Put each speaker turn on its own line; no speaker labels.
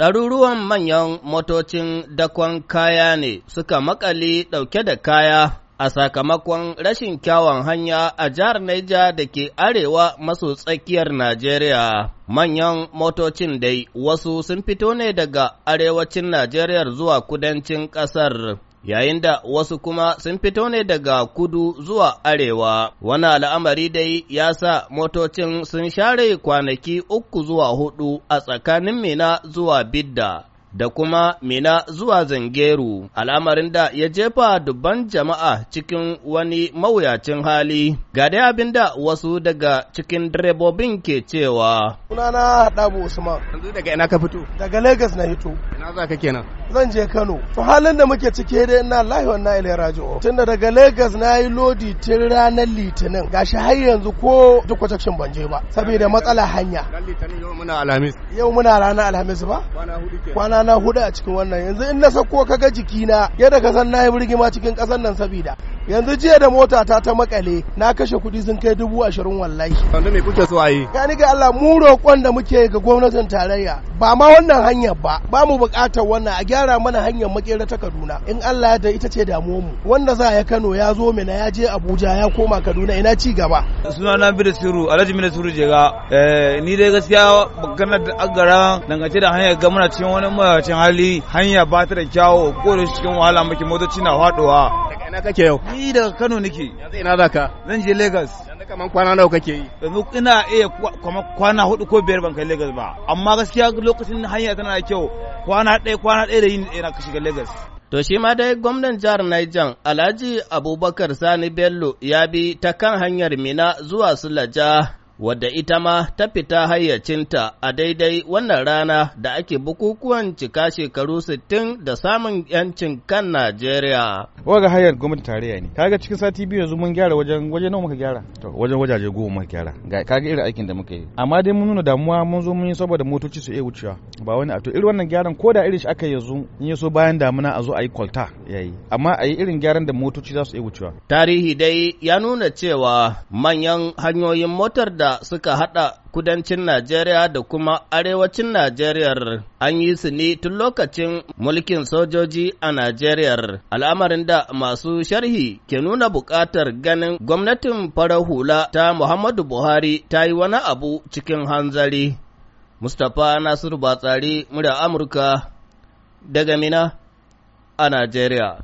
ɗaruruwan manyan motocin dakon kaya ne suka makali ɗauke da kaya a sakamakon rashin kyawun hanya a jihar Neja da ke arewa maso tsakiyar Najeriya. Manyan motocin dai wasu sun fito ne daga arewacin Najeriya zuwa kudancin ƙasar. yayin da wasu kuma sun fito ne daga kudu zuwa arewa. Wani al'amari dai ya sa motocin sun share kwanaki uku zuwa hudu a tsakanin Mina zuwa Bidda. Da kuma Mina zuwa Zangeru, al'amarin da ya jefa dubban jama'a cikin wani mawuyacin hali, ga dai abin da wasu daga cikin direbobin ke cewa.
Sunana b'u Usman. Yanzu daga ina ka fito? Daga Legas na hito.
Ina za ka kenan?
Zan je Kano. To halin da muke cike dai ina lahi wannan ilai raji'o. Tunda daga Lagos na yi lodi tun ranar Litinin. Gashi har yanzu ko duk protection ban je ba saboda matsala hanya. Ran Litinin
yau muna Alhamis.
Yau muna ranar Alhamis ba? Kwana hudu kenan. Kwana na hudu a cikin wannan. Yanzu in na sako kaga jikina yadda ka san na yi birgima cikin kasan nan saboda yanzu jiya da mota ta ta makale na kashe kuɗi sun kai dubu ashirin wallahi
wanda me kuke so a yi
gani ga Allah mu roƙon da muke ga gwamnatin tarayya ba ma wannan hanyar ba ba mu buƙatar wannan a gyara mana hanyar makera ta Kaduna in Allah da ita ce damuwar mu wanda za ya Kano ya zo mina ya je Abuja ya koma Kaduna ina ci gaba
sunana da Siru Alhaji Bida Siru jega eh ni dai gaskiya maganar da agara dangance da hanyar gwamnati cikin wani mawacin hali hanya ba ta da kyawu ko da cikin wahala muke motoci na faɗuwa ina kake yau ni daga Kano nake yanzu ina ka. zan je Lagos yanzu kaman kwana nawa kake yi yanzu ina iya kuma kwana hudu ko biyar ban kai Lagos ba amma gaskiya lokacin hanya tana da kyau kwana ɗaya kwana ɗaya da yin ina ka shiga Lagos
To shi ma dai gwamnan jihar Niger Alhaji Abubakar Sani Bello ya bi ta kan hanyar Mina zuwa Sulaja wadda ita ma ta fita hayyacinta a daidai wannan rana da ake bukukuwan cika shekaru sittin da samun 'yancin kan Najeriya.
Waga hayar gwamnati tarayya ne, kaga cikin sati biyu yanzu mun gyara wajen waje nawa muka gyara? To, wajen wajaje goma muka gyara, kaga irin aikin da muka yi. Amma dai mun nuna damuwa mun zo mun yi saboda motoci su iya wucewa, ba wani ato irin wannan gyaran ko da irin shi aka yanzu in yaso bayan damuna a zo a yi kwalta. yayi amma a yi irin
gyaran da motoci za su iya wucewa tarihi dai ya nuna cewa manyan hanyoyin motar da suka hada kudancin Najeriya da kuma arewacin Najeriya an yi su ne tun lokacin mulkin sojoji a Najeriya al'amarin da masu sharhi ke nuna buƙatar ganin gwamnatin farar hula ta Muhammadu Buhari ta yi wani abu cikin hanzari. Mustapha Nasiru Batsari, murya Amurka, daga Mina. a Nigeria.